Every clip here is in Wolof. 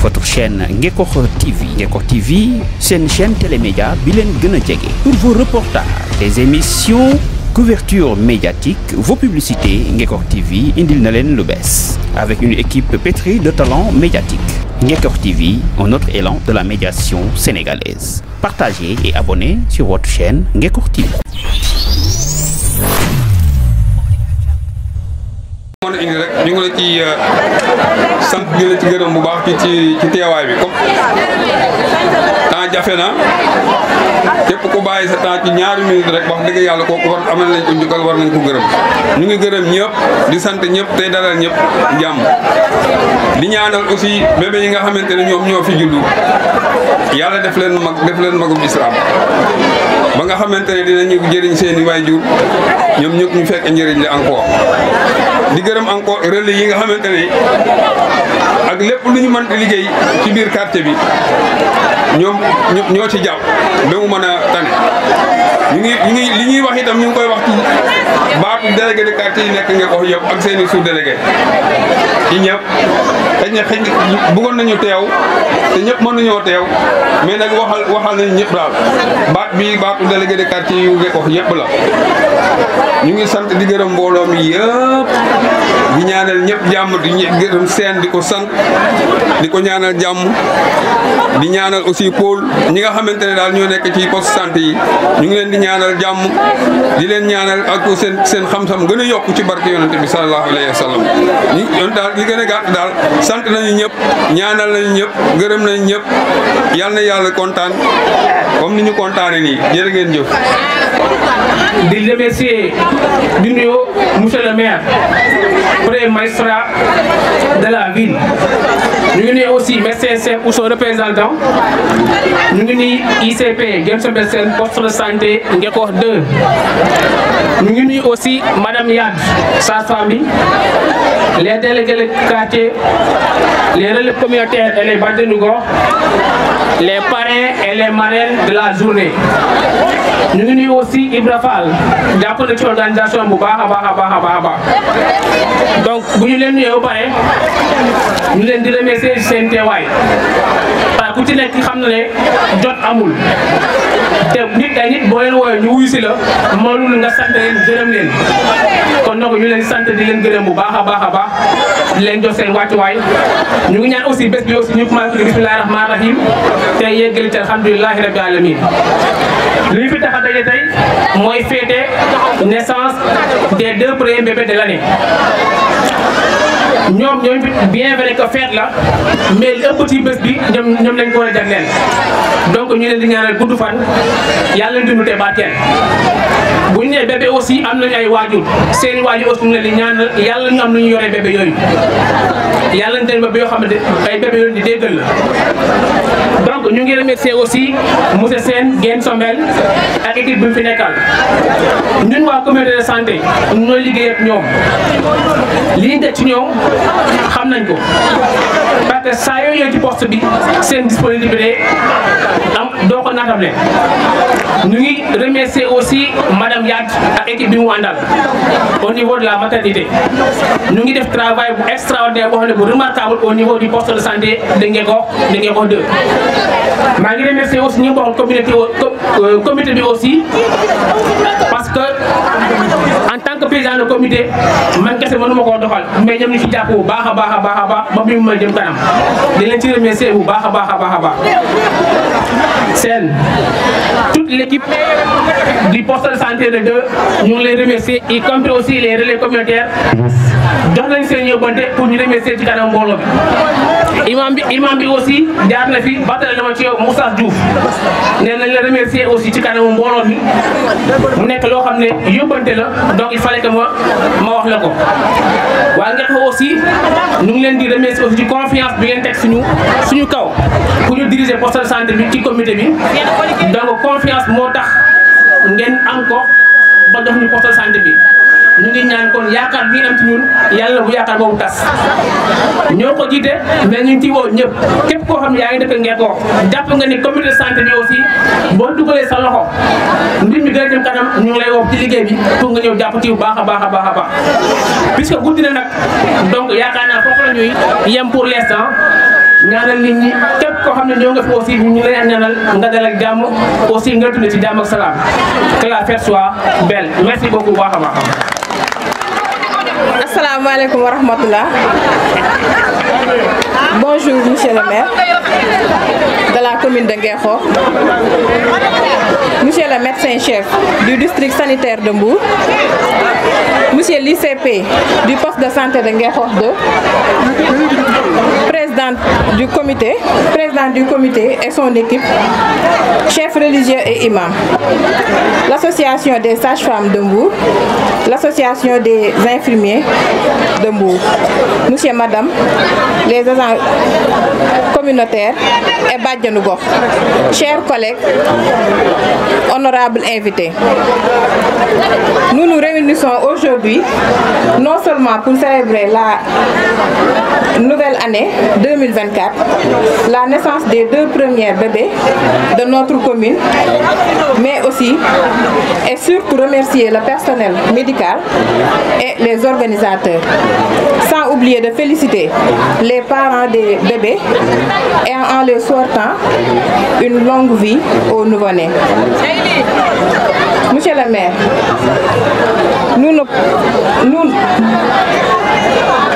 votre chaîne Ngekokh TV Ngekokh TV une chaîne télémédia bi pour vos reportages des émissions couverture médiatique vos publicités Ngekokh TV indil Nalen Lubes. avec une équipe pétrie de talents médiatiques Ngekor TV un autre élan de la médiation sénégalaise partagez et abonnez sur votre chaîne Ngekor TV mënoon indi rek ñu ngi la ci euh, sant di la ci gërëm bu baax ci ci ci teewaay bi comme temps jafe na képp ku bàyyi sa temps ci ñaari minute di sant ñëpp tey dalal ñëpp jàmm di ñaanal aussi bébé yi nga xamante ne ñoom ñoo fi juddu yàlla def leen islam ba nga xamante ne dinañu jëriñ seeni waajur ñoom ñëpp ñu fekk njëriñ li encore di gërëm encore relais yi nga xamante ne ak lépp lu ñu mën di liggéey ci biir quartier bi ñoom ñoo ci jàpp ba mu mën a tane ñu ngi ñu li ñuy wax itam ñu ngi koy wax ci baatu délégué de quartier yi nekk nga ko yëpp ak seeni sous délégué ci ñëpp xëy na xëy na bëggoon nañu ñëpp mën nañoo teew mais nag waxal waxal nañu ñëpp daal baat bi baatu délégué de quartier yu Ngékokh yëpp la ñu ngi sant di gërëm mbooloo mi yëpp di ñaanal ñëpp jàmm di gërëm seen di ko sant di ko ñaanal jàmm di ñaanal aussi Paul ñi nga xamante ne daal ñoo nekk ci poste santé yi ñu ngi leen di ñaanal jàmm di leen ñaanal ak seen seen xam-xam gën yokk ci barke yonante bi sallallahu alayhi wa ñu daal li a gàtt daal sant sant nañu ñëpp ñaanal nañu ñëpp gërëm nañu ñëpp yal na yàlla kontaan comme ni ñu kontaanee nii jërë ngeen jëf. di remercier di nuyu monsieur le maire premier magistrat de la ville. Nous sommes aussi médecin ou son représentant Nous sommes ICP Genson Belsen poste de santé Ngekoox 2 Nous sommes aussi madame Yad sa famille, les délégués de quartier les relais communautaires et les de gox les parrains et les marraines de la journée Nous sommes aussi Ibrafal, La jàpp organisation donc vous ñu leen nuyee nous seen seen teewaay waaye ku ci nekk xam na ne jot amul te nit ay nit boo leen woowee ñu wuyu si la mënul na sant leen gërëm leen kon donc ñu leen sant di leen gërëm bu baax a baax a baax leen jox seen wàccuwaay ñu ngi ñaan aussi bés bi aussi ñu commencé ko bismillahi rahmaani rahim te yeggali ci alhamdulilahi rabbi alamin li fi tax a daje tey mooy féete naissance des deux premiers bébés de l'année ñoom ñoom it bien vrai que feet la mais li ëpp ci bés bi ñoom ñoom lañ ko war a jagleel donc ñu leen di ñaanal gudd fan yàlla dund te barkeel bu ñu nee aussi am nañu ay waajur seen waajur aussi ñu leen di ñaanal yàlla ñu am lu ñu yoree bébé yooyu yàlla ñu teen bébé yoo xamante ay bébé yooyu di déggal la donc ñu ngi remercier aussi monsieur Sène Guène Sombel ak équipe bi ñun waa communauté de santé ñooy liggéey ñoom li de ci ñoom xam nañ ko parce que saa yoo ñëw ci poste bi seen disponibilité am doo ko naatable ñu ngi remercier aussi madame Yad ak équipe bi mu àndal au niveau de la maternité ñu ngi def travail bu extraordinaire boo xam ne bu remarquable au niveau du poste de santé de Ngeko de Ngeko 2 maa ngi remercier aussi ñu bokk communauté euh, comité bi aussi parce que nek président de comité man kessé mënuma koo doxal mais ñam ñu ci jàpp bu baaxa baaxa baaxa ba ba bi mu may jëm kanam di leen ci remercier bu baaxa baaxa baaxa ba sen toute l'équipe du poste de santé de deux ñu ngi leen remercier y compris aussi les relais communautaires dox nañ seen yobante pour ñu remercier ci kanam mbolo bi imam bi imam bi aussi jaar na fi bàttale na ma ci yow Moussa Diouf né nañ la remercier aussi ci kanam mbooloo bi mu nekk loo xam ne la donc il fallait que ma ma wax lako wa nga ko aussi ñu ngi len di remercier aussi ci confiance bi ngeen tek suñu suñu kaw ku ñu diriger poste de santé bi ci comité bi donc confiance moo tax ngeen am ko ba dox ñu poste de santé bi ñu ngi ñaan kon yaakaar bi am ci ñun yàlla bu yaakaar boobu tas ñoo ko jiite mais ñu ngi ci woo ñëpp képp koo xam ne yaa ngi dëkk ngeen ko jàpp nga ni comité santé bi aussi boo dugalee sa loxo mbir mi gën a jëm kanam ñu ngi lay woo ci liggéey bi pour nga ñëw jàpp ci bu baax a baax a baax a baax puisque guddi na nag donc yaakaar naa foofu la ñuy yem pour l'instant ñaanal nit ñi képp koo xam ñoo nga fi aussi ñu lay ñaanal nga dal ak jàmm aussi nga dund ci jàmm ak salaam que la fête soit belle merci beaucoup baax a Bonjour, monsieur le maire de la commune de Nguerfort. Monsieur le médecin-chef du district sanitaire de Mbou, Monsieur l'ICP du poste de santé de Nguerfort 2. Président du comité, président du comité et son équipe religieux et imams, l'association des sages-femmes de Mbou, l'association des infirmiers de Mbou, monsieur et madame, les agents communautaires et Badjanougo. chers collègues, honorables invités. Nous nous réunissons aujourd'hui non seulement pour célébrer la nouvelle année 2024, la naissance des deux premiers bébés de notre commune, mais aussi et surtout remercier le personnel médical et les organisateurs. Sans oublier de féliciter les parents des bébés et en leur sortant une longue vie aux nouveau-nés. Monsieur le maire, nous nous,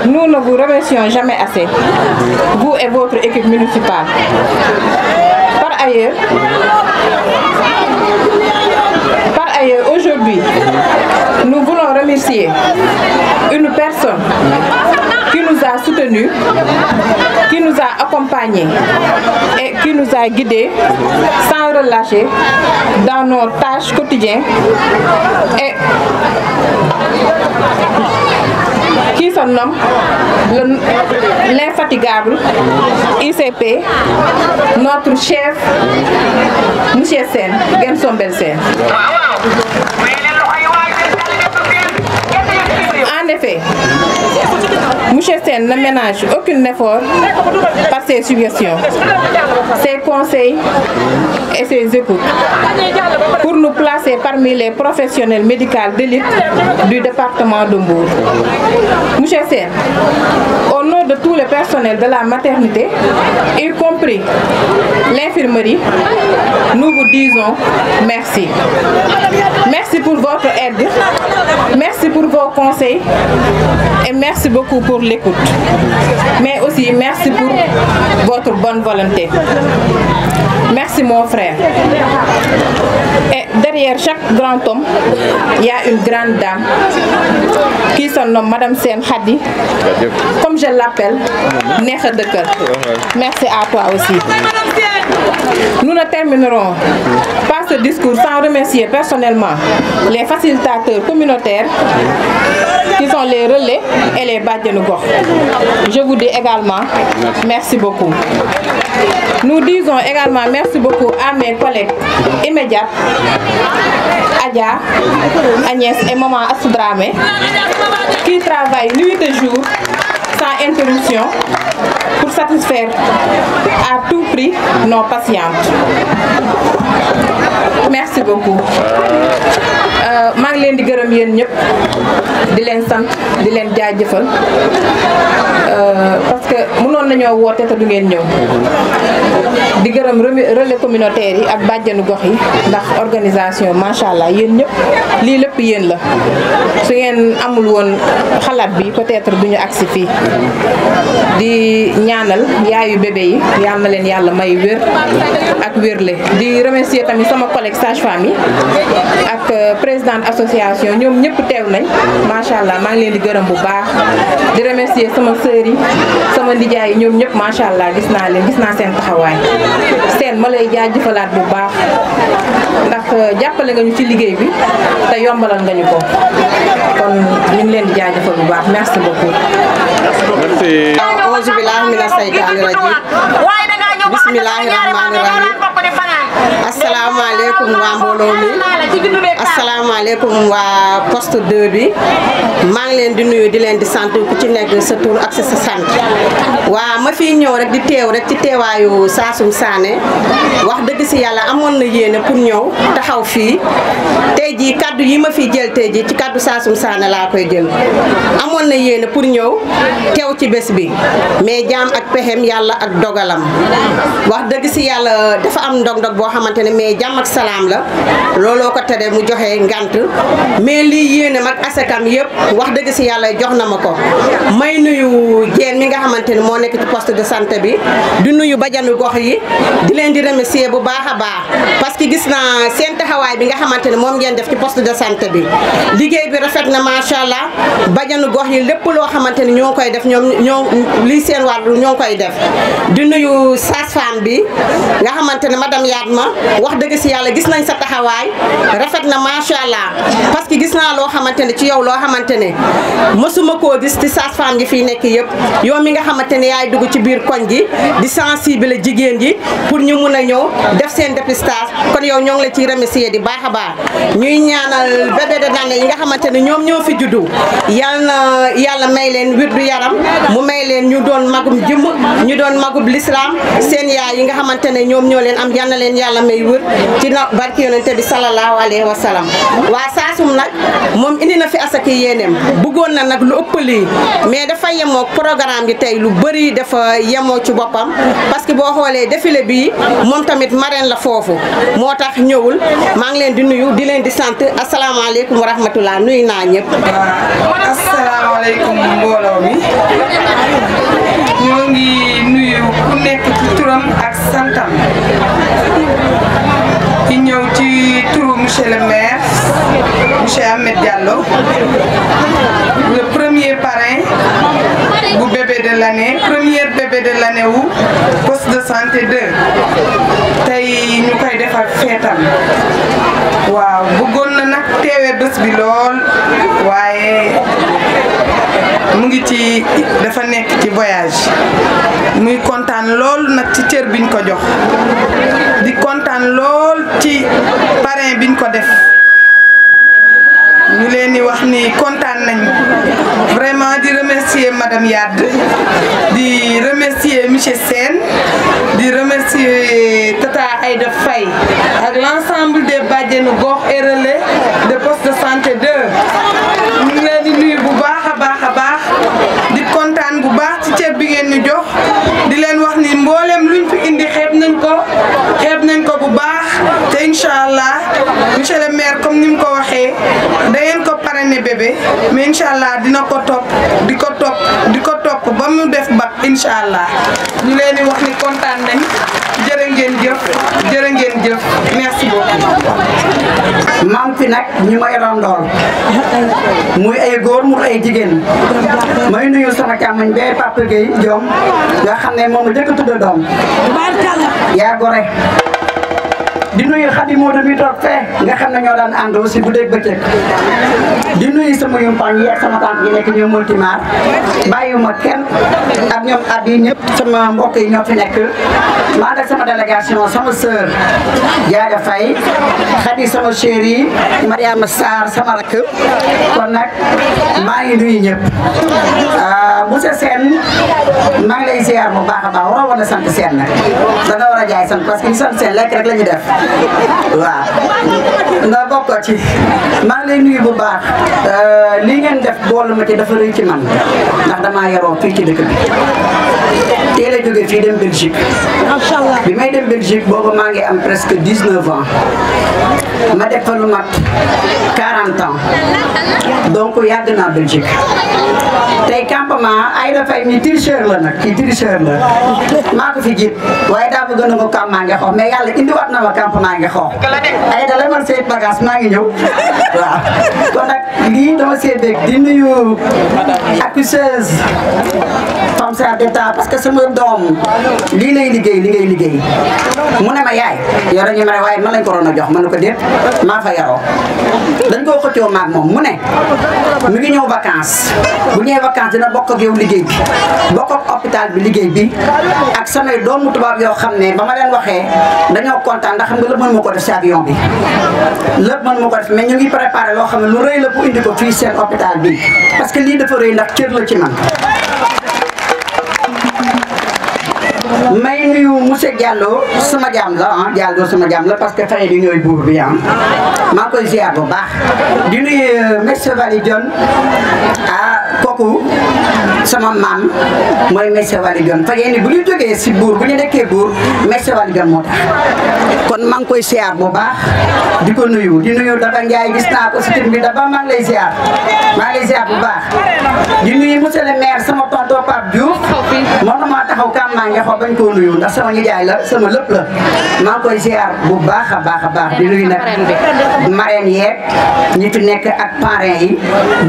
nous ne vous remercions jamais assez, vous et votre équipe municipale. Par ailleurs, euh, aujourd'hui, nous voulons remercier une personne qui nous a soutenus, qui nous a accompagnés et qui nous a guidés sans relâcher dans nos tâches quotidiennes qui se nomme l'infatigable ICP, notre chef, M. Sen, Genson Belsen. En effet, M. ne ménage aucun effort par ses suggestions, ses conseils et ses écoutes pour nous placer parmi les professionnels médicaux d'élite du département de Mbourg. au nom de tout le personnel de la maternité, y compris l'infirmerie, nous vous disons merci. Merci pour votre aide, merci pour vos conseils et merci beaucoup pour l'écoute, mais aussi merci pour votre bonne volonté. Merci mon frère. Et derrière chaque grand homme, il y a une grande dame qui se nomme Madame Sen hadi comme je l'appelle, de cœur. Merci à toi aussi. Nous ne terminerons pas ce discours sans remercier personnellement les facilitateurs communautaires qui sont les relais et les Badianougor. Je vous dis également merci beaucoup. Nous disons également merci beaucoup à mes collègues immédiats, Adia, Agnès et Maman Assoudrame, qui travaillent nuit et jour sans interruption pour satisfaire à tout prix nos patients. Merci beaucoup. Euh, maa ngi leen di gërëm yéen ñëpp di leen sant di leen jaajëfal euh, parce que mënoon nañoo woote te du ngeen ñëw di gërëm rele communautaire yi ak bàjjanu gox yi ndax organisation macha allah yéen ñëpp lii lépp yéen la su ngeen amul woon xalaat bi peut-être du ñu agsi fii di ñaanal yaayu bébé yi yal na leen yàlla may wér ak wérle di remercier tamit sama collègue sage-femme yi ak euh, président président association ñom ñëpp teew nañ sha allah ma ngi leen di gërëm bu baax di remercier sama sœur yi sama nijaay yi ñoom ma sha allah gis na leen gis na seen taxaway seen ma lay jaajëfalaat bu baax ndax euh, jappalé nga ñu ci liggéey bi té yombalal nga ñu ko kon ñu ngi leen di jaajëfal bu baax merci beaucoup. merci. Bismillahirrahmanirrahim. Assalamualaikum wa mbooloo mi asalaamaaleykum waa poste 2 bi ma ngi len di nuyu di len di sante ku ci nek sa tour ak sa sante wa ma fi ñew rek di tew rek ci tewayu Saasum Sané wax deug ci yalla amon na yene pour ñew taxaw fi tay ji kaddu yi ma fi jël tay ji ci kaddu Saasum Sané la koy jël Amon na yene pour ñew tew ci bes bi mais jam ak pehem yalla ak dogalam wax deug ci yalla dafa am ndog-ndog bo xamante ne mais jàmm ak salaam la looloo ko tere mu joxe ngant mais lii yéene mag asakam yëpp wax dëgg si yàlla jox na ma ko may nuyu jeen mi nga xamante ne moo nekk ci poste de santé bi di nuyu bajanu gox yi di leen di remercier bu baax a baax parce que gis naa seen taxawaay bi nga xamante ne moom ngeen def ci poste de santé bi liggéey bi rafet na macha allah bajanu gox yi lépp loo xamante ne ñoo koy def ñoom ñoo lii seen wàllu ñoo koy def di nuyu sage-femme bi nga wax deug ci yalla gis nañ sa taxaway rafet na macha allah parce que gis na lo xamantene ci yow lo xamantene musuma ko gis ci sage-femme gi fi nek yeb yow mi nga xamantene yaay dug ci bir koñ gi di sensible jigen gi pour ñu mëna ñew def sen dépistage kon yow ñong la ci remercier di ñuy ñaanal bébé de nga xamantene ñom ñoo fi juddu yalla yalla may leen wirdu yaram mu may leen ñu doon magum jëm ñu doon magum l'islam sen yaay yi nga xamantene ñom am yalla leen yàlla may wër ci na barki wa salaam waa saasum nag moom indi na fi asaka yéeneem bëggoon na nag lu ëpp lii mais dafa yemoo programme bi tey lu bari dafa yemoo ci boppam parce que boo xoolee défilé bi moom tamit marraine la foofu moo tax ñëwul maa ngi leen di nuyu di leen di sant asalaamaaleykum wa rahmatullah nuyu naa ñëpp asalaamaaleykum mbooloo mi ñoo ngi nuyu ku nekk ci turam ak santam ci ñëw ci turu monsieur le maire monsieur Ahmed Diallo le premier parrain bu bébé de l'année première bébé de l'année wu poste de santé 2 tey ñu koy defar feetam waaw bëggoon na nag teewee bés bi lool waaye mu ngi ci dafa nekk ci voyage muy kontaan lool nag ci cër biñ ko jox di kontaan lool ci parrain biñ ko def ñu leen di wax ni kontaan nañ vraiment di remercier madame Yade di remercier monsieur Sène di remercier Tata Aïda Faye ak l'ensemble des bàjjenu gox et mais incha allah dina ko topp di ko topp di ko topp ba mu def ba incha allah ñu leen di wax ni kontaan nañ jërë ngeen jëf jërë ngeen jëf merci beaucoup. maam fi nag ñu may rondool muy ay góor mu ay jigéen may nuyu sama càmmañ bee Papa Gueye Diom nga xam ne moom la njëkk a doom yaa gore Iya di nuyu Xadi do mi tok fe nga xam ne ñoo daan ando ci bu deg beccé di nuyu sama yumpaañ yi ak sama tante yi nekk ñoom multimaar bàyyiwuma kenn ak ñoom at ñepp sama mbokk yi ñoo fi nek ma ànd ak sama délégation sama sœur yaaya fay Xadi sama chérie mariam sar sama rak kon nak ma ngi nuyu ñëpp ah, monsieur sen ma ngi lay ziar bu baaxa baax waroon na sant Sène nag danga war jaay sante parce que sante sen lek rek lañu def waaw nga bokk ci maa ngi lay nuyu bu baax euh, lii ngeen def boolu ma ci dafa rëy ci man ndax damaa yaroo fii ci dëkk bi teel a jóge fii Belgique macha bi may dem Belgique boobu maa ngi am presque 19 ans ma def fa lu mat 40 ans donc yàgg naa Belgique tey campement ay dafay mi tricheur la nag kii tricheur la maa ko fi jiit waaye daa bëgg na ko campement nga xoox mais yàlla indiwaat na ma campement nga xoox ay da lemal say maa ngi ñëw waaw kon nag lii dama see parce que sama doom lii lay liggéey li ngay liggéey mu ne ma yaay yoro ñu waaye man lañ ko a jox ma ne ko déet maa fa yaroo dañ koo xëccoo maag moom mu ne mu ngi ñëw vacances bu ñëwee vacances dina bokk yow liggéey bi bokk ak hôpital bi liggéey bi ak samay doomu tubaab yoo xam ne ba ma leen waxee dañoo kontaan ndax xam nga lépp mën ma ko def si avion bi lépp mën ma ko def mais ñu ngi préparé loo xam ne lu rëy la bu indi ko fii seen hôpital bi parce que lii dafa rëy ndax cër la ci man may nuyu monsieur Diallo sama jaam la ah Diallo sama jaam la parce que xale di ñooy buur bi ah maa koy ziar bu baax di nuyu euh, monsieur Waly Dione ah kooku sama maam mooy monsieur Waly bu ñu jógee si buur bu ñu nekkee buur monsieur Waly Dione maa ngi koy ziar bu baax di ko nuyu di nuyu Daba Ndiaye gis naa ko si tur bi Daba maa lay ziar maa ngi lay ziar bu baax di nuyu monsieur le maire sama tonton Pape Diouf moo tax maa taxaw kan maa ngi xoo bañ koo nuyu ndax sama nijaay la sama lépp la maa koy ziar bu baax a baax a baax bi di nuyu nag marraine yeeg ñi fi nekk ak parrain yi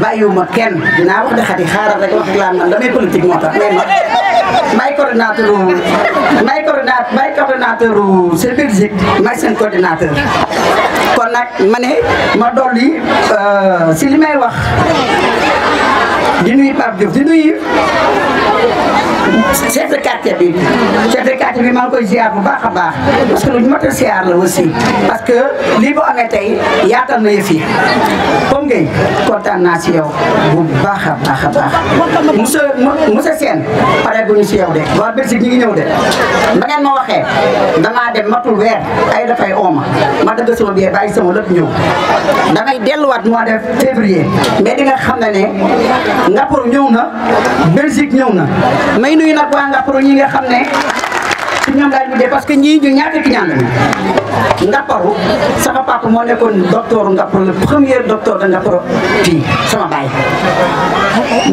bàyyiwuma kenn dinaa wax dëxati xaaral rek wax laa man damay politique moo tax may ma may coordinateur may coordinateur may coordinateur service may seen coordinateur nag ma ne ma dolli euh, si li may wax di nuyu Pape Diouf di nuyu chef de quartier bi chef de quartier bi maa ngi koy ziar bu baax a baax parce que lu mot a ziar la aussi parce que lii bu amee tey yaatal na yëf yi comme ngay kontaan naa si yow bu baax a baax a baax monsieur monsieur seen pare guñu si yow de waa Belgique ñi ngi ñëw de ba ngeen ma waxee damaa dem matul weer ay dafay ooma ma dëgg sama biir bàyyi sama ñëwul ak ñëw dangay delluwaat mois de février mais di nga xam ne ne Ngaparou ñëw na Belgique ñëw na may nuyu nag waa Ngaparou ñi nga xam ne ci ñoom laay parce que ñii ñu ñaata ci ñaan lañu ngapparu sama papa moo nekkoon docteur ngapparu le premier docteur de ngapparu fii sama baay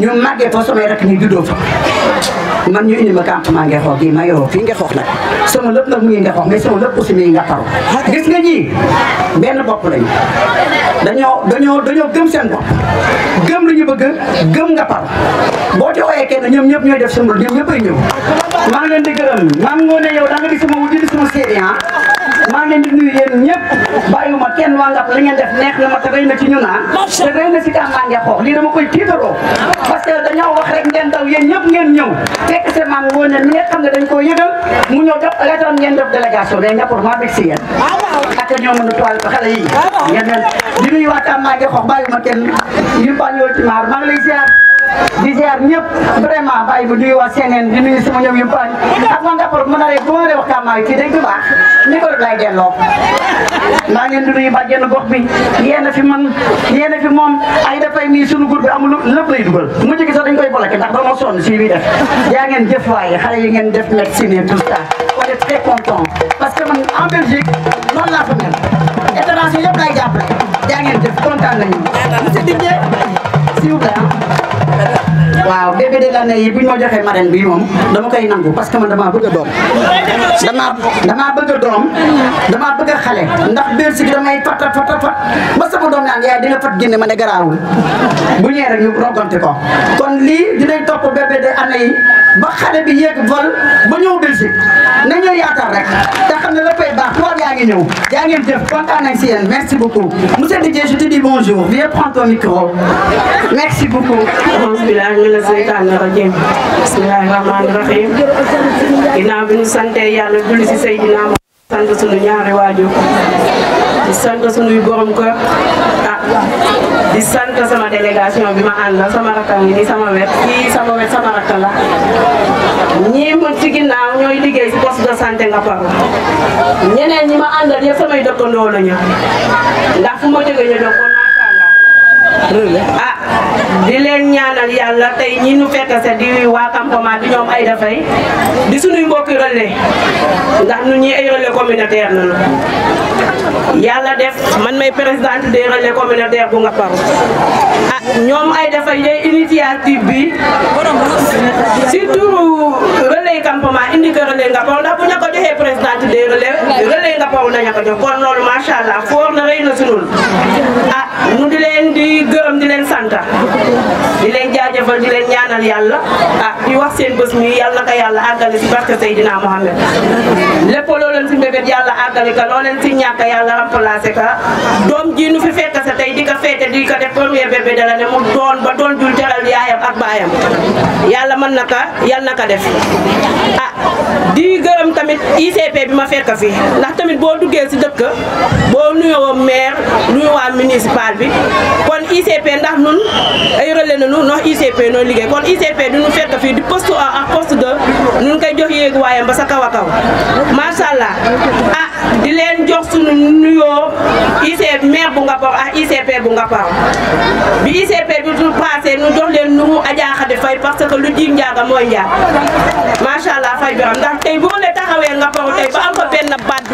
ñu màggee foo sama rek ñu juddoo fa man ñu indi ma campement Ngexoox gi ma yoroo fii Ngexoox nag sama lépp nag mu ngi Ngexoox mais sama lépp aussi mi ngi ngapparu gis nga ñii benn bopp lañu dañoo dañoo dañoo gëm seen bopp gëm lañu ñu bëgg gëm nga ngapparu boo ci ooyee kenn ñoom ñëpp ñooy def seen ñoom ñëw maa ngi leen di gërëm nangu ne yow da nga di sama wuti di sama seede ah maa ngi leen di nuyu yéen ñëpp bàyyiwuma kenn waa Ngap li ngeen def neex na ma te rey na ci ñu naan ah. te rey na si Tamba ngeen xoox lii dama koy tiitaroo ah. parce que dañoo wax rek ngeen daw yéen ñëpp ngeen ñëw fekk seen maam woo ne mi nga xam ne dañ koo yëgal mu ñëw def reetaan ngeen def délégation day ñàkkul maa bëgg si yéen ak ah, ñoo mën a toile ba xale yi ngeen leen di nuyu waa Tamba ngeen xoox bàyyiwuma kenn ñu bàyyiwoo ci maar maa ngi lay ziar di ziar ñëpp vraiment bàyyi bu nuyu waa CNN di nuyu sama ñoom yu bari ak man d'accord ma naree bu ma naree waxtaan maa ngi kii dañ ko baax ni ko lay delloo maa ngeen di nuyu bàjjenu gox bi yéen a fi man yéen a fi moom ay dafay nii sunu groupe bi amul lépp lay dugal mu jigi sax dañ koy bloqué ndax dama sonn si bi def yaa ngeen jëf waaye xale yi ngeen def médecine tout ça on est très content parce que man en Belgique noonu laa fa mel étranger yëpp lay jàppale yaa ngeen jëf kontaan nañu monsieur Didier s'il vous plaît waaw début de l'année yi bu ñu ma joxee bi moom dama koy nangu parce que man damaa bëgg a doom damaa bëgg a doom damaa bëgg a xale ndax biir si damay fat fat fat fat ba sama doom naan yaay di nga fat génne ma ne garaawul bu ñëwee rek ñu rogante ko kon lii dinañ topp bébé de année yi ba xale bi yegg vol ba ñëw Belgique nañoo yaatal rek te xam la fay baax tubaab yaa ngi ñëw yaa ngeen jëf kontaan nañ si yéen merci beaucoup monsieur Didier je te dis bonjour viens prendre ton micro merci beaucoup bismillah mi la seytaan na rajim bismillah rahman rahim ginnaaw bi ñu sante yàlla julli si Seydina sante sunu ñaari waajur di sant suñuy borom kër ah di sant sama délégation bi ma àndal sama rakka ngi nii sama wet kii sama wet sama rakka la ñii ma ci ginnaaw ñooy liggéey si poste de santé nga paru ñeneen ñi ma àndal yëpp samay dëkkandoo la ñu ndax fu ma jógee ñu dëkkandoo ah di leen ñaanal yàlla tey ñi nu fekk se di waa campement bi ñoom ay dafay di suñuy mbokki relais ndax nu ñi ay relais communautaire nanu yàlla def man may présidente des relais communautaire bu nga paru ah ñoom ay dafay yey initiative bi surtout relais campement indi ko relais nga paru ndax bu ñu ko présidente des taxawu nañu ko jox kon loolu macha allah foor na rëy na sunul ah nu di leen di gërëm di leen sant di leen jaajëfal di leen ñaanal yàlla ah di wax seen bés mi yàlla na ko yàlla àggale si barke Seydina Mohamed lépp loo leen si mbébét yàlla àggale ka loo leen si ñàkk yàlla laa ka doom jii nu fi fekk sa tey di ka féete di ko def premier bébé dala ne mu doon ba doon jul teral yaayam ak baayam yàlla man na ka yàlla na ka def ah di gërëm tamit ICP bi ma fekk boo duggee si dëkk boo nuyoo maire nuyu waa municipal bi kon ICP ndax nun ay na nanu nox ICP nooy liggéey kon ICP du ñu fekk fii di poste a ak poste de nun koy jox yéeg waayam ba sa kaw a kaw macha allah a ah, di leen jox sunu nuyoo ICP maire bu nga paw ak ICP bu nga paw bi ICP bi du passé nu jox leen nuru Adja Khady Faye parce que lu jiig njaaga mooy njaag macha allah fay bi xam ndax tey bu ma ne taxawee nga paw tey ba am fa benn baat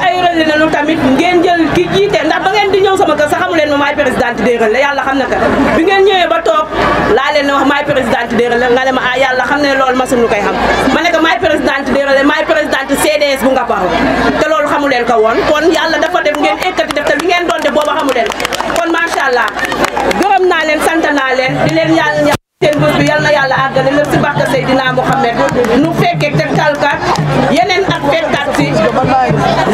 dimbali nañu tamit ngeen jël ki jiite ndax ba ngeen di ñëw sama kër sax xamu leen ma maay présidente Dérale la yàlla xam na ka bi ngeen ñëwee ba toog laa leen ne wax maay présidente Dérale nga ne ma ah yàlla xam ne loolu masul lu koy xam ma ne ko maay présidente Dérale maay présidente CDS bu nga paxu te loolu xamu leen ko woon kon yàlla dafa def ngeen ekkati def te li ngeen doon booba xamu leen kon macha allah gërëm naa leen sant naa leen di leen seen bés bi yal na yàlla àggale lépp si barke Seydina Mouhamed nu fekkee te kalkat yeneen ak fekkat si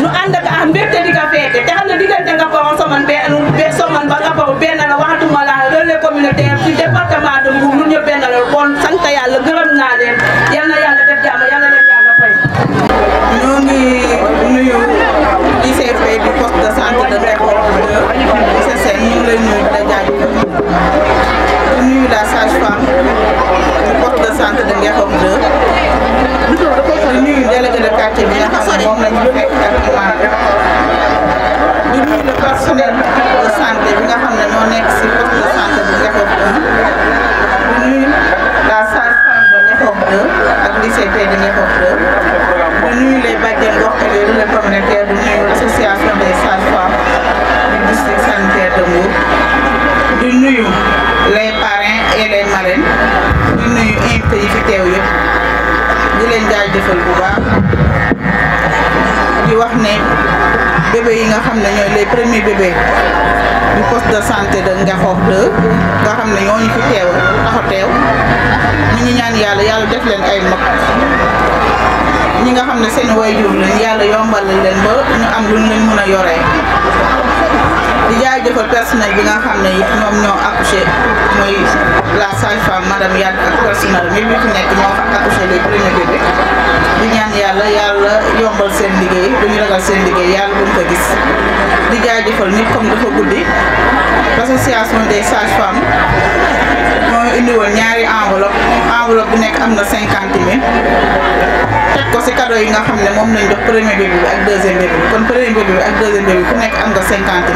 nu ànd ak am mbégte di ka fekke te xam diggante nga borom soman be ba nga borom benn la waxatuma la relais communautaire ci département de Mbour ñun benn la kon sant yàlla gërëm naa leen centre de Ngexox 2 nuyu délégué de quartier bi nga xam ne moom lañ fekk ak imam bi di nuyu le personnel de santé bi nga xam ne moo nekk si poste de santé bu Ngexox 2 di nuyu la sage-femme de Ngexox 2 ak lycée de Ngexox 2 di nuyu les bajjens gox et les relais communautaires jaajëfal bu baax di wax ne bébé yi nga xam ne ñooy les premiers bébés du poste de santé de Ngakhokh 2 nga xam ne ñooñu fi teew taxa teew ñu ngi ñaan yàlla yàlla def leen ay mag ñi nga xam ne seen waajur lañ yàlla yombal leen ba ñu am luñ leen mën a yoree jaajëfal personnel bi nga xam ne it ñoom ñoo accouché muy la sage-femme madame Yade ak personnel mi bi fi nekk ñoo fa accouché les premiers bébés di ñaan yàlla yàlla yombal seen liggéey lu ñu ragal seen liggéey yàlla buñ ko gis di jaajëfal nit comme dafa guddi l'association des sages-femmes moo indi woon ñaari enveloppe enveloppe bu nekk am na cinquante mille teg ko si cadeau yi nga xam ne moom lañ jox premier bébé bi ak deuxième bébé bi kon premier ku nekk am nga cinquante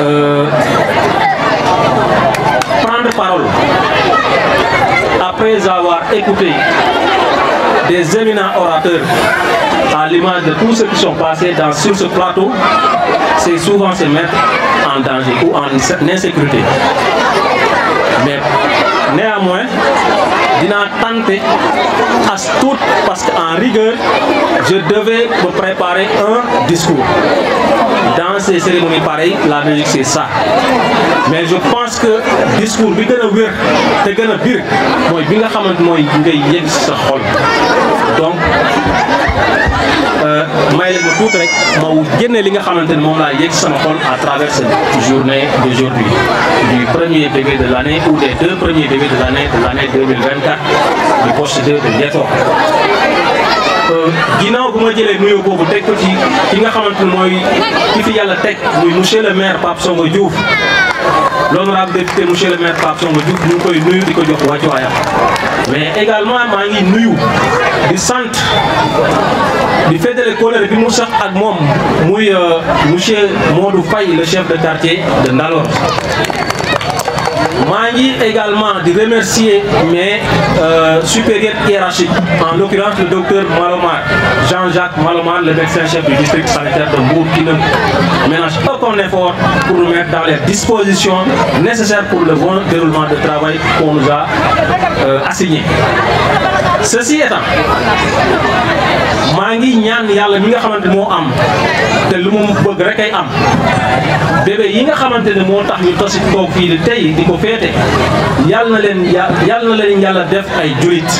Euh, prendre parole après avoir écouté des éminents orateurs à l'image de tous ceux qui sont passés dans, sur ce plateau, c'est souvent se mettre en danger ou en insécurité. Mais néanmoins, Dina tenter parce qu'en rigueur je devais me préparer un discours dans ces cérémonies pareilles la musique c'est ça mais je pense que discours bi a le te donc euh, may leen ma tuuti rek ma génne li nga xamante ni moom laa yëg sama xol à travers cette journée d'aujourd'hui du premier bébé de l'année ou des deux premiers bébés de l'année de l'année 2024 du poste 2 de Ndiétokh euh, ginnaaw bu ma jëlee nuyoo boobu teg ko ci ki nga xamante ni mooy ki fi yàlla teg muy monsieur le maire Pape Songo Diouf l'honorable député monsieur le maire Pape Songo Diouf ñu ngi koy nuyu di ko jox wàccuwaayam mais également à Mangi nuyu du centre du fait de l'école, Moussak sax ak M. Euh, le chef de quartier de Nalor. Je également de remercier mes euh, supérieurs hiérarchiques en l'occurrence le docteur Malomar Jean-Jacques Malomar le médecin chef du district sanitaire de bourg qui ne ménage aucun effort pour nous mettre dans les dispositions nécessaires pour le bon déroulement de travail qu'on nous a euh, assigné ceci étant maa ngi ñaan yàlla mi nga xamante moo am te lu mu bëgg rek ay am bébé yi nga xamante ne moo tax ñu tosi toog fii di tey di ko féete yàlla leen yàlla na yàlla def ay julit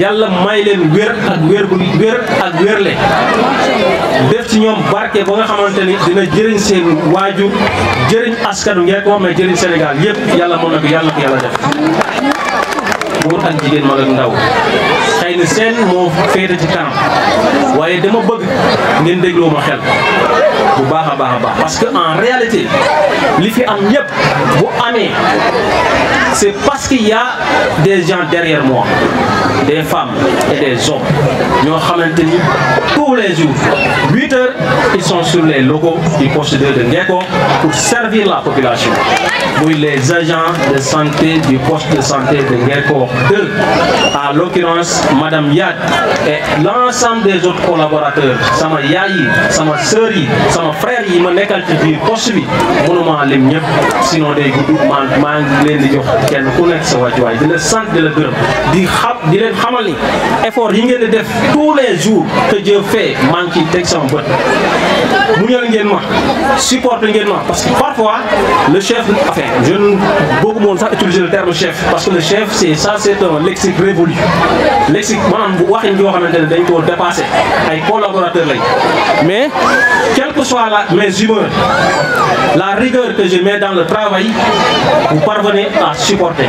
yàlla may leen wér ak wér bu wér ak wérle def ci ñoom barke ba nga xamante ni dina jëriñ seen waajur jëriñ askanu ngeen ko xam ne jëriñ Sénégal yëpp yàlla mën na ko yàlla ko yàlla def góor ak jigéen mag ak ndaw xëy na seen moo féete ci temps waaye dama bëgg ngeen dégloo ma xel bu baax a baax a baax parce que en réalité li fi am ñëpp bu amee parce y a des gens derrière moi des femmes et des hommes nous avons tenu tous les jours 8 heures ils sont sur les locaux du poste de Ngeko pour servir la population Oui, les agents de santé du poste de santé de Ngeko 2 à l'occurrence madame Yad et l'ensemble des autres collaborateurs sama yayi sama sœur yi sama frère ma nekkal ci m'a poste sinon des groupes, man, maa di jox teg sa centre di la sante di la gërëm di di xamal effort tous les jours que je fait maa ngi ciy teg sama bët. le ngeen ma ngeen parce que parfois le chef enfin je ne beaucoup woon sax utiliser le terme chef parce que le chef c'est ça c'est un lexique révolu lexique maanaam waxin yoo xamante ne dañ koo dépassé ay collaborateurs mais Quelles que soit la mes humeurs la rigueur que je mets dans le travail vous parvenez à supporter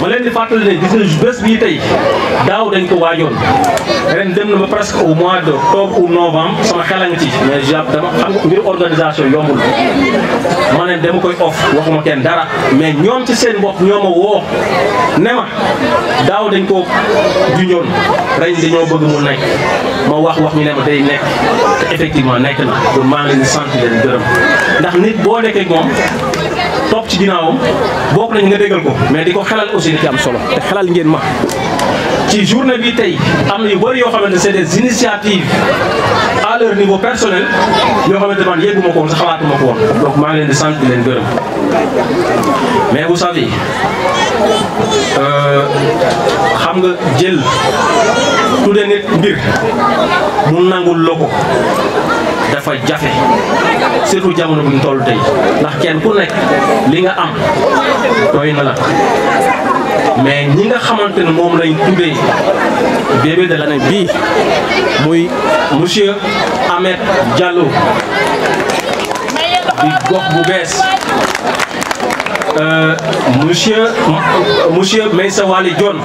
ma leen di fàttali ne gis nañu bés bii tey daaw dañ ko yoon ren dem na ba presque au mois de octobre ou novembre sama xel a ngi ci mais jàpp dama xam ngir organisation yombul ma ne dama koy off waxuma kenn dara mais ñoom ci seen bopp ñoo ma woo ne daaw dañ ko juñoon ren dañoo bëgg mu nekk ma wax wax ñu ne ma day nekk te effectivement nekk na kon maa ngi leen leen gërëm ndax nit boo nekkee moom ci ginnaawam bokk nañ nga déggal ko mais di ko xelal aussi di ci am solo te xelal ngeen ma ci journée bi tey am na yu bëri yoo xamante c'est des initiatives à leur niveau personnel yoo xamante man yëgguma ko woon sa xalaatuma ko woon donc maa leen di sant di leen gërëm mais vous savez euh, xam nga jël tudde nit mbir mu nangul loo ko dafa jafe surtout jamono bu ñu toll tey ndax kenn ku nekk li nga am doy na la mais ñi nga xamante ne moom lay tuddee bébé de l'année bii muy monsieur Ahmed Diallo di gox bu bees euh, monsieur monsieur sa Wali Dione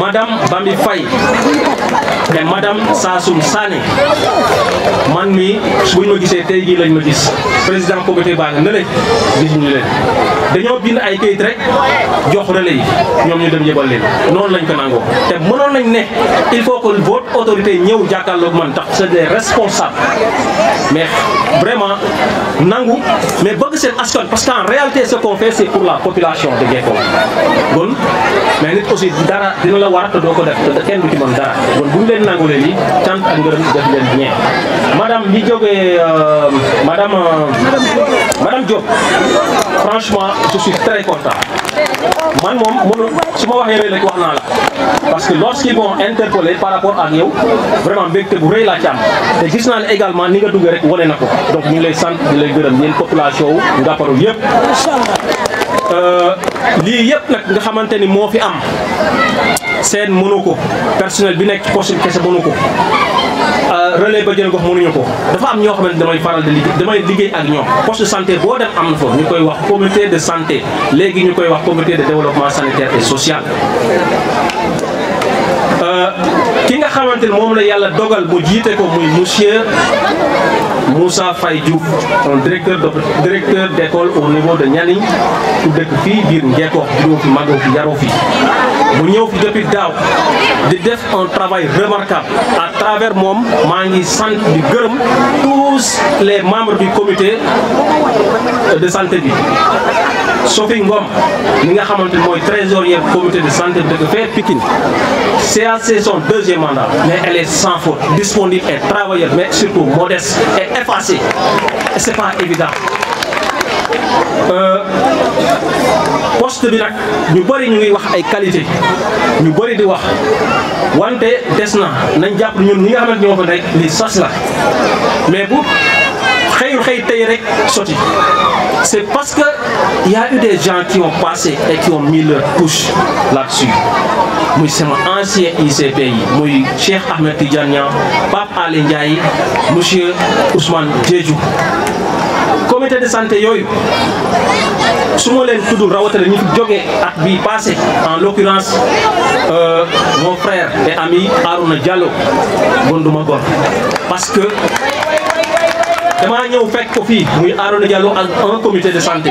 madame Bambi Faye et madame Sassoum Sané man mi buñ ma gisee tey jii lañ ma gis président comité baa nga nële gis ñu leen dañoo bind ay kayit rek jox relais yi ñoom ñu dem yëbal leen noonu lañ ko nangoo te mënoon nañ ne il faut que votre autorité ñëw jàkkaarloog man tax c'est des responsables mais vraiment nangu mais bëgg seen askan parce que en réalité ce qu'on pour la population de Guékon kon mais nit aussi dara dina la war te doo ko def te kenn du ci mën dara buñ leen nangulee lii cant ak ngërëm def leen ñeent madame li jógee euh, madame euh, madame Diop franchement je suis très content man moom mënu su ma waxee rek wax naa la parce que lorsqu'ils m'ont interpellé par rapport ak yow vraiment mbégte bu rëy laa ci am te gis naa ne également ni nga duggee rek wane na ko donc ñu ngi lay sant di lay gërëm yéen population wu Ngaparou yëpp euh, lii yëpp nag nga xamante ni fi am seen mënu ko personnel bi nekk ci poste bi kese mënu ko euh, relais ba jël gox mënuñu ko dafa am ñoo xamante damay faral di liggéey damay liggéey ak ñoom poste de santé boo dem am na fa ñu koy wax comité de santé léegi ñu koy wax comité de développement sanitaire et euh, ki nga xamante ne moom la yàlla dogal mu jiite ko muy monsieur Moussa Faye Diouf un directeur de directeur d'école au niveau de Nianing ku dëkk fii biir Ngeekoox juróo fi màggoo fi yaroo fi nous avons depuis daaw di un travail remarquable à travers mon Mangi ngi tous les membres du comité de santé Sauf que Ngom mi nga le trésorier du comité de santé de faire c'est CAC son deuxième mandat mais elle est sans faute disponible et travailleuse mais surtout modeste et effacée Ce n'est pas évident euh, poste bi nak ñu bari ñuy wax ay qualité ñu bari di wax wante des nañ japp ñun ñi nga xamante ñoo fa nekk li sas la mais bu xëyul xey tay rek soti c'est parce que y a eu des gens qui ont passé et qui ont mis leur touche là-dessus c'est sama ancien ICP moy Cheikh Ahmed Tidiane Niang Pape Alé Ndiaye monsieur Ousmane Diédhiou comité de santé yooyu su ma leen tudd rawatina ñu fi jógee at bi passé en l'occurrence euh, mon frère et ami Arouna Diallo Gonduma Gor parce que damaa ñëw fekk ko fii muy Arouna Diallo ak un comité de santé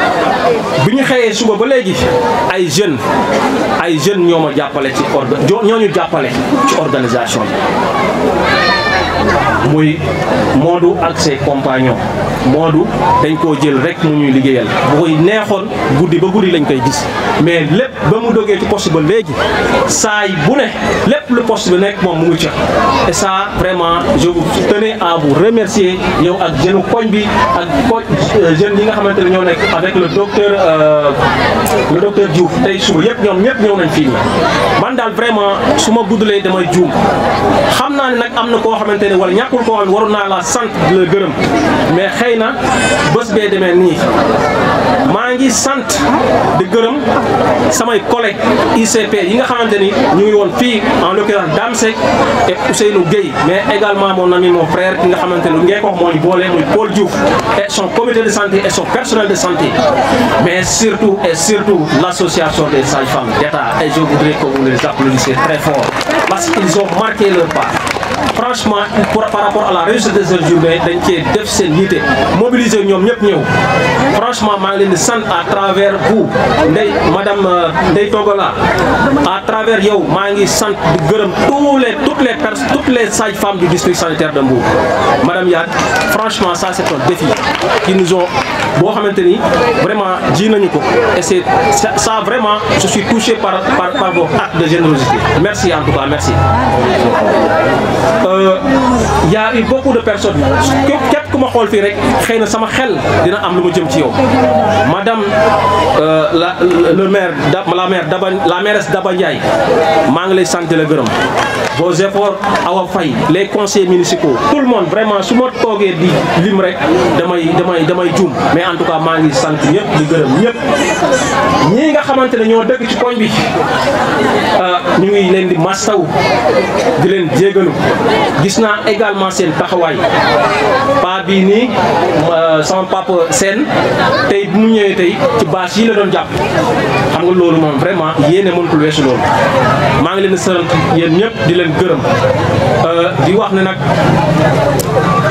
bi ñu xëyee suba ba léegi ay jeunes ay jeunes ñoo jàppale ci orga ñoo ñu jàppale ci organisation bi. muy Modou ak ses compagnons Modou dañ ko jël rek mu ñuy liggéeyal bu koy neexon guddi ba guddi lañ koy gis mais lepp ba mu doggé ci possible légui saay bu ne lepp lu poste bi nekk moom mu ngi ca et ça vraiment je vous tenais à vous remercier yow ak jeune koñ bi ak ko euh, jeunes yi nga xamanteni ne ñoo nekk avec le docteur euh, le docteur Diouf tey suba yépp ñom ñëpp ñew nañ fi man dal vraiment suma ma guddalee damay juum xam nak amna ko am xamante ne wala ñakul ko xam waruna la sante de la mais xeyna na bés bee demee nii ngi sante de geureum samay collègues ICP yi nga xamanteni ñu ngi won fille, en l'occurrence Dame et Ousseynou Gueye mais également mon ami mon frère ki nga xamanteni ni Ngeekoox moo ñu boole muy Paul Diouf et son comité de santé et son personnel de santé mais surtout et surtout l'association des sages-femmes d'État et je voudrais que vous les applaudissiez très fort parce qu'ils ont marqué leur part franchement par rapport à la réussite des jeunes, journée dañ cee def de mobiliser ñom ñep ñew franchement ma ngi à travers vous Mme madame euh, Togola à travers vous, ma ngi sant di tous les toutes les personnes, toutes les sages-femmes du district sanitaire de Mbou. madame Yann, franchement ça c'est un défi qui nous ont Bon xamante vraiment ji et c'est ça vraiment je suis touché par par par vos actes de générosité merci en tout cas merci. il euh, y a eu beaucoup de personnes que quest ma que fii rek xëy na sama xel dina am lu ma jëm ci yow madame euh, la le maire la maire Daba la mairesse Daba Ndiaye maa ngi lay sant la gërëm. vos efforts Awa Faye les conseillers municipaux tout le monde vraiment su ma toogee di lim rek damay damay damay en tout cas maa ngi sant ñëpp di gërëm ñëpp ñii nga xamante ne ñoo dëkk ci koñ bi ah, ñu ngi leen di mastaw di leen jégalu gis naa également seen taxawaay pas bii nii sama papa seen tey bu ñëwee tey ci bâche yi la doon jàpp xam nga loolu moom vraiment yéene mënutul weesu loolu maa ngi leen di sant yéen ñëpp di leen gërëm ah, di wax ne nag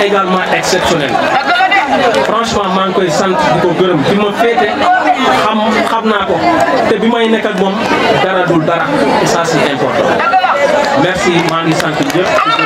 est également exceptionnel franchement maa ngi koy sant di ko gërëm bi ma féete xam xam naa ko te bi may nekk ak moom dara dul dara et ça important merci maa ngi sant ñëpp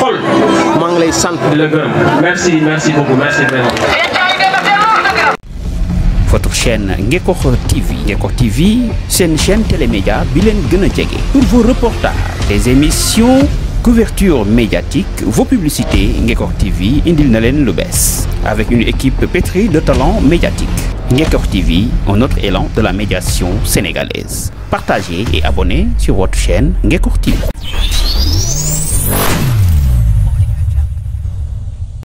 merci merci beaucoup merci votre chaîne Ngeko TV c'est TV une chaîne télémédia bi pour vos reportages des émissions couverture médiatique vos publicités Ngeko TV indil na avec une équipe pétrie de talents médiatiques Ngeko TV un autre élan de la médiation sénégalaise partagez et abonnez sur votre chaîne Ngeko TV